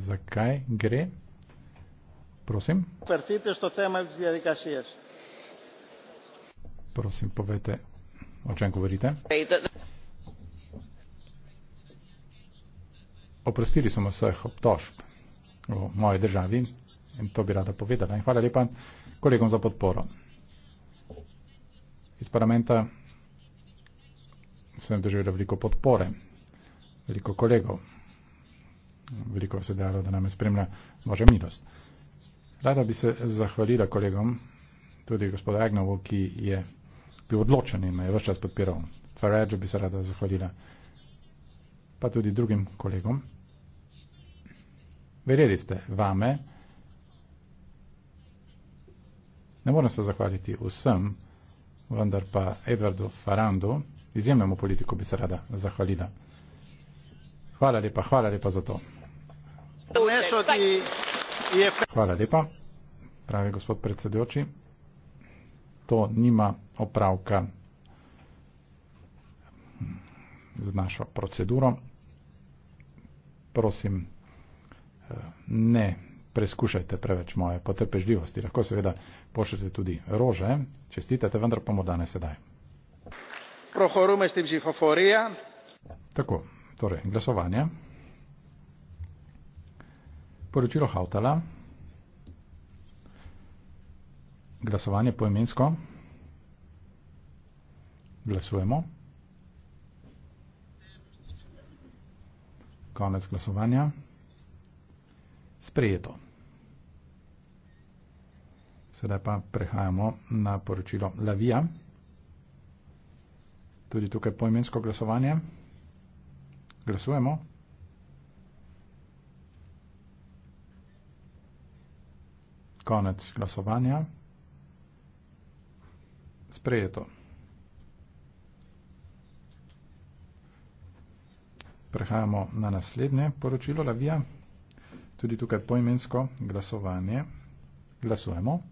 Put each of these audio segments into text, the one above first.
zakaj gre. Prosim. Prosim, povete, o čem govorite. Oprostili smo vseh obtožb v moji državi in to bi rada povedala. In hvala lepa kolegom za podporo. Iz parlamenta sem doživel veliko podpore, veliko kolegov veliko se dalo, da nam je spremlja Božja milost. Rada bi se zahvalila kolegom, tudi gospodu Agnovu, ki je bil odločen in me je vse čas podpiral. Faradžu bi se rada zahvalila, pa tudi drugim kolegom. Verjeli ste vame. Ne moram se zahvaliti vsem, vendar pa Edwardu Farandu, izjemnemu politiku, bi se rada zahvalila. Hvala lepa, hvala lepa za to. Hvala lepa, pravi gospod predsedujoči. To nima opravka z našo proceduro. Prosim, eh, ne preskušajte preveč moje potrpežljivosti. Lahko seveda pošljete tudi rože, čestitate, vendar pa mu danes sedaj. Tako, torej, glasovanje. Poročilo Hautala. Glasovanje poemensko. Glasujemo. Konec glasovanja. Sprejeto. Sedaj pa prehajamo na poročilo Lavija. Tudi tukaj poemensko glasovanje. Glasujemo. konec glasovanja. Sprejeto. Prehajamo na naslednje poročilo Lavija. Tudi tukaj poimensko glasovanje. Glasujemo.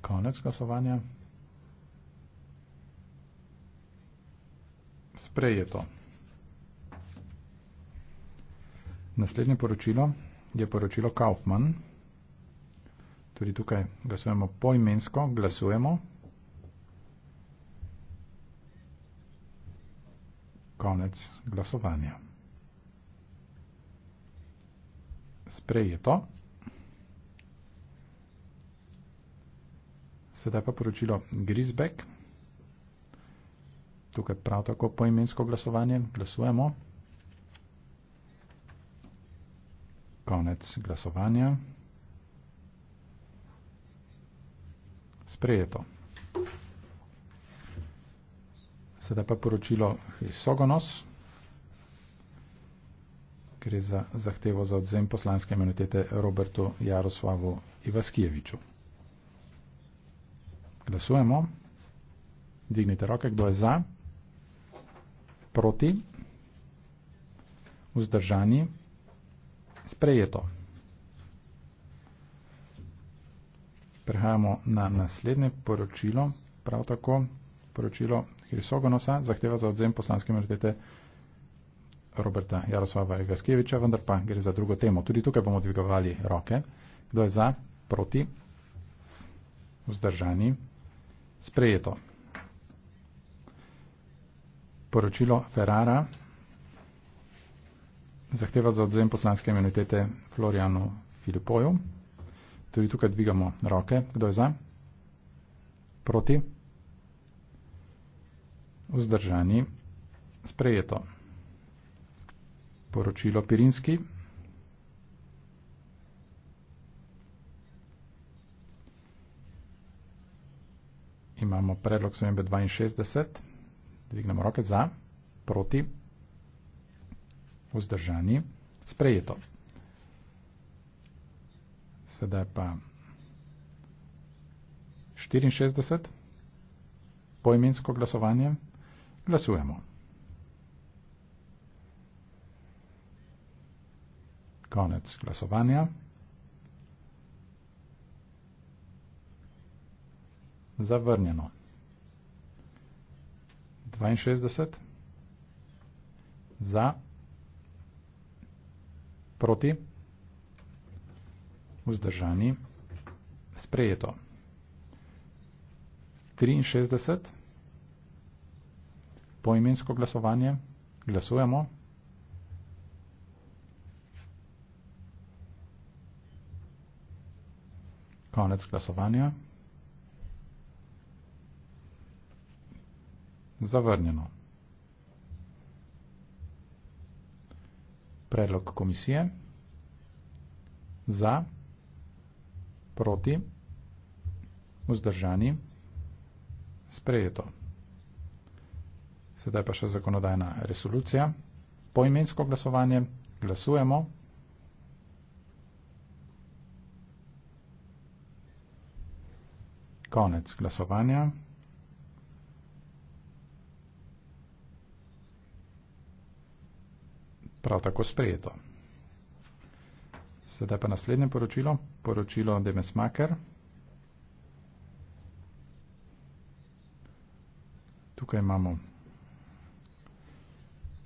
Konec glasovanja. Sprejeto. Naslednje poročilo je poročilo Kaufmann. Tudi tukaj glasujemo poimensko, glasujemo. Konec glasovanja. Sprejeto. Sedaj pa poročilo Grisbeck. Tukaj prav tako poimensko glasovanje. Glasujemo. konec glasovanja. Sprejeto. Sedaj pa poročilo Hrisogonos. Gre za zahtevo za odzem poslanske imunitete Robertu Jaroslavu Ivaskijeviču. Glasujemo. Dignite roke, kdo je za. Proti. Vzdržani sprejeto. Prehajamo na naslednje poročilo, prav tako poročilo Hrisogonosa, zahteva za odzem poslanske imunitete Roberta Jaroslava Egaskeviča, vendar pa gre za drugo temo. Tudi tukaj bomo dvigovali roke. Kdo je za, proti, vzdržani, sprejeto. Poročilo Ferrara zahteva za odzem poslanske imunitete Florijanu Filipoju. Tudi tukaj dvigamo roke. Kdo je za? Proti? Vzdržani? Sprejeto. Poročilo Pirinski. Imamo predlog 762. Dvignemo roke za. Proti? vzdržani, sprejeto. Sedaj pa 64, poimensko glasovanje, glasujemo. Konec glasovanja. Zavrnjeno. 62, za Proti? Vzdržani? Sprejeto. 63. Poimensko glasovanje. Glasujemo. Konec glasovanja. Zavrnjeno. predlog komisije. Za, proti, vzdržani, sprejeto. Sedaj pa še zakonodajna resolucija. Po imensko glasovanje glasujemo. Konec glasovanja. prav tako sprejeto. Sedaj pa naslednje poročilo, poročilo Demesmaker. Tukaj imamo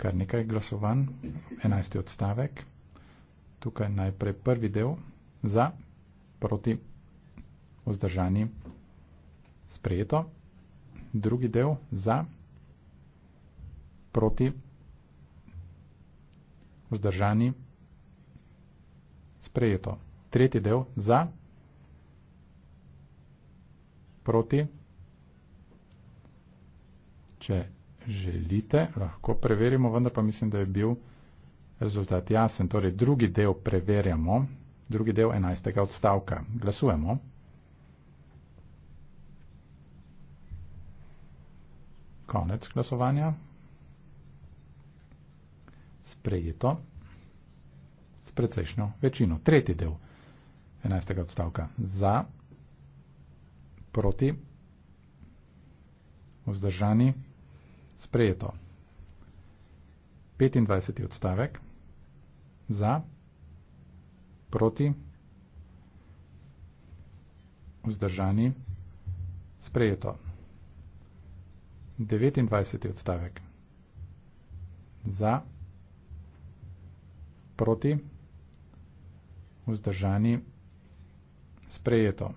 kar nekaj glasovanj, enajsti odstavek. Tukaj najprej prvi del za, proti, vzdržani, sprejeto. Drugi del za, proti, vzdržani vzdržani. Sprejeto. Tretji del za, proti. Če želite, lahko preverimo, vendar pa mislim, da je bil rezultat jasen. Torej, drugi del preverjamo, drugi del enajstega odstavka. Glasujemo. Konec glasovanja sprejeto s precejšnjo večino. Tretji del 11. odstavka. Za, proti, vzdržani, sprejeto. 25. odstavek. Za, proti, vzdržani, sprejeto. 29. odstavek. Za, proti, vzdržani, sprejeto proti, vzdržani, sprejeto.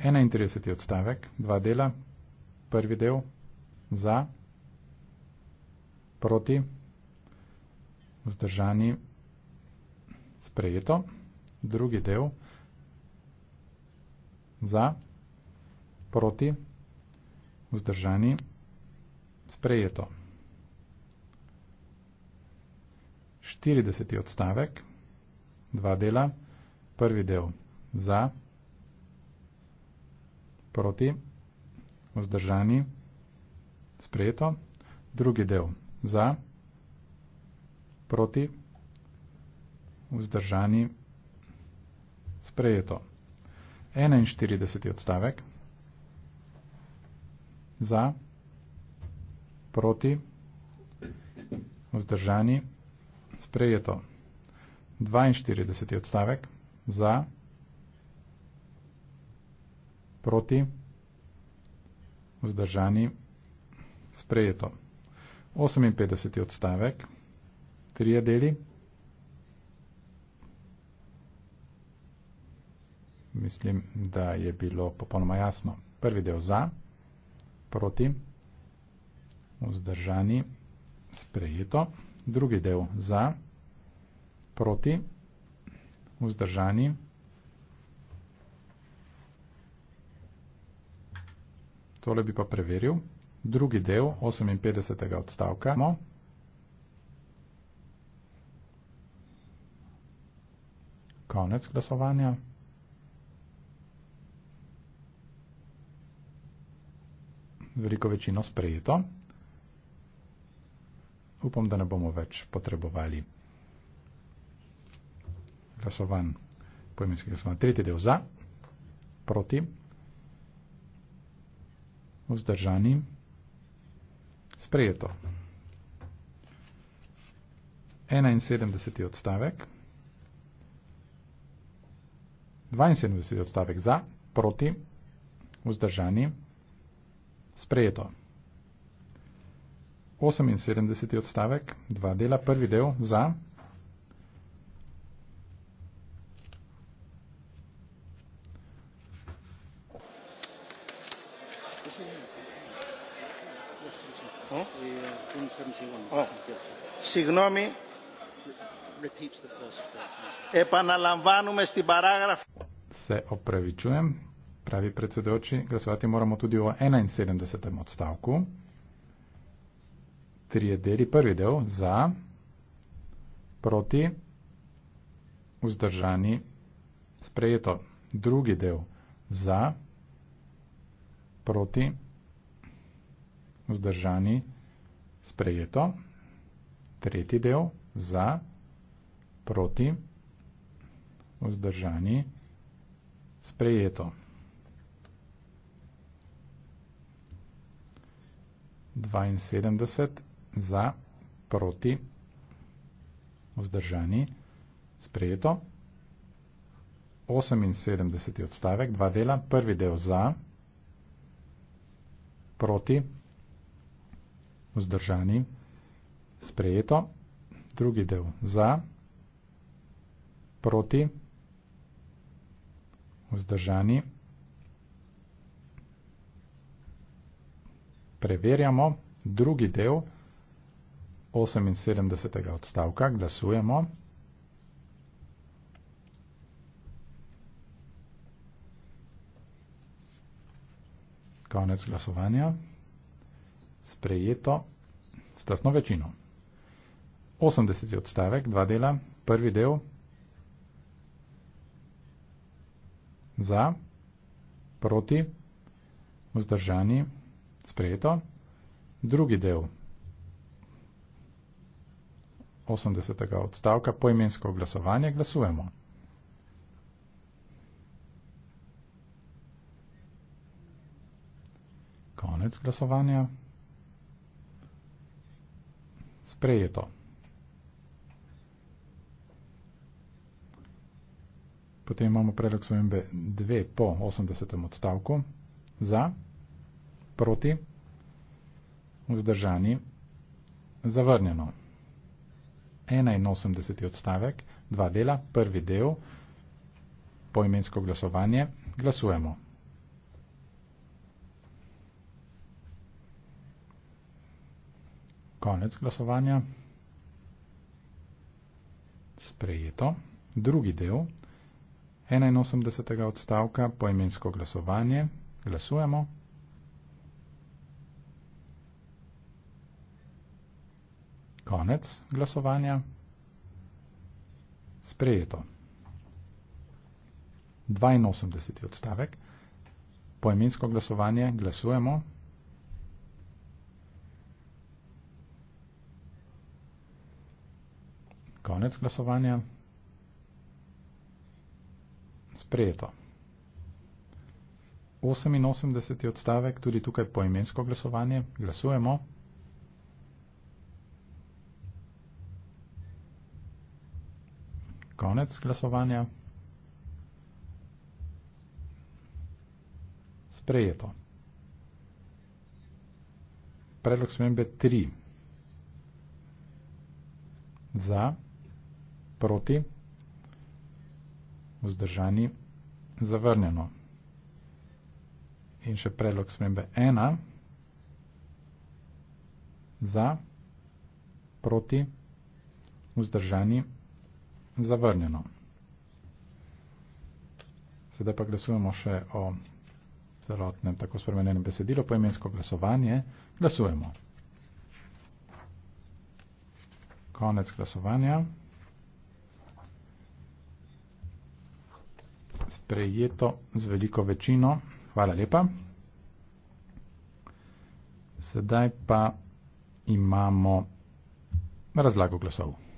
31. odstavek, dva dela, prvi del, za, proti, vzdržani, sprejeto, drugi del, za, proti, vzdržani, sprejeto. 40. odstavek, dva dela, prvi del za, proti, vzdržani, sprejeto, drugi del za, proti, vzdržani, sprejeto. 41. odstavek, za, proti, vzdržani, sprejeto sprejeto 42. odstavek za, proti, vzdržani, sprejeto 58. odstavek, trije deli, mislim, da je bilo popolnoma jasno. Prvi del za, proti, vzdržani, sprejeto drugi del za, proti, vzdržani, tole bi pa preveril, drugi del 58. odstavka, konec glasovanja, veliko večino sprejeto, upam, da ne bomo več potrebovali glasovan, pojmenski glasovan. Tretji del za, proti, vzdržani, sprejeto. 71. odstavek, 72. odstavek za, proti, vzdržani, sprejeto. 78. odstavek, dva dela, prvi del za. Συγγνώμη, επαναλαμβάνουμε στην παράγραφη. Σε οπρεβιτσούμε, πράβει πρετσεδότσι, γρασουάτι μόραμο του διόγα 71 μοτστάουκου trije deli. Prvi del za, proti, vzdržani, sprejeto. Drugi del za, proti, vzdržani, sprejeto. Tretji del za, proti, vzdržani, sprejeto. Dvainsedemdeset za, proti, vzdržani, sprejeto. 78. odstavek, dva dela, prvi del za, proti, vzdržani, sprejeto, drugi del za, proti, vzdržani, preverjamo, drugi del za, 78. odstavka glasujemo. Konec glasovanja. Sprejeto s tasno večino. 80. odstavek, dva dela, prvi del za, proti, vzdržani, sprejeto, drugi del 80. odstavka poimensko glasovanje glasujemo. Konec glasovanja. Sprejeto. Potem imamo predlog svojembe 2 po 80. odstavku. Za, proti, vzdržani, zavrnjeno. 81. odstavek, dva dela, prvi del, poimensko glasovanje, glasujemo. Konec glasovanja. Sprejeto. Drugi del 81. odstavka, poimensko glasovanje, glasujemo. Konec glasovanja. Sprejeto. 82. odstavek. Poemensko glasovanje glasujemo. Konec glasovanja. Sprejeto. 88. odstavek, tudi tukaj poemensko glasovanje. Glasujemo. konec glasovanja. Sprejeto. Predlog smembe 3. Za, proti, vzdržani, zavrnjeno. In še predlog smembe 1. Za, proti, vzdržani, zavrnjeno zavrnjeno. Sedaj pa glasujemo še o celotnem tako spremenjenem besedilu, poimensko glasovanje. Glasujemo. Konec glasovanja. Sprejeto z veliko večino. Hvala lepa. Sedaj pa imamo razlago glasov.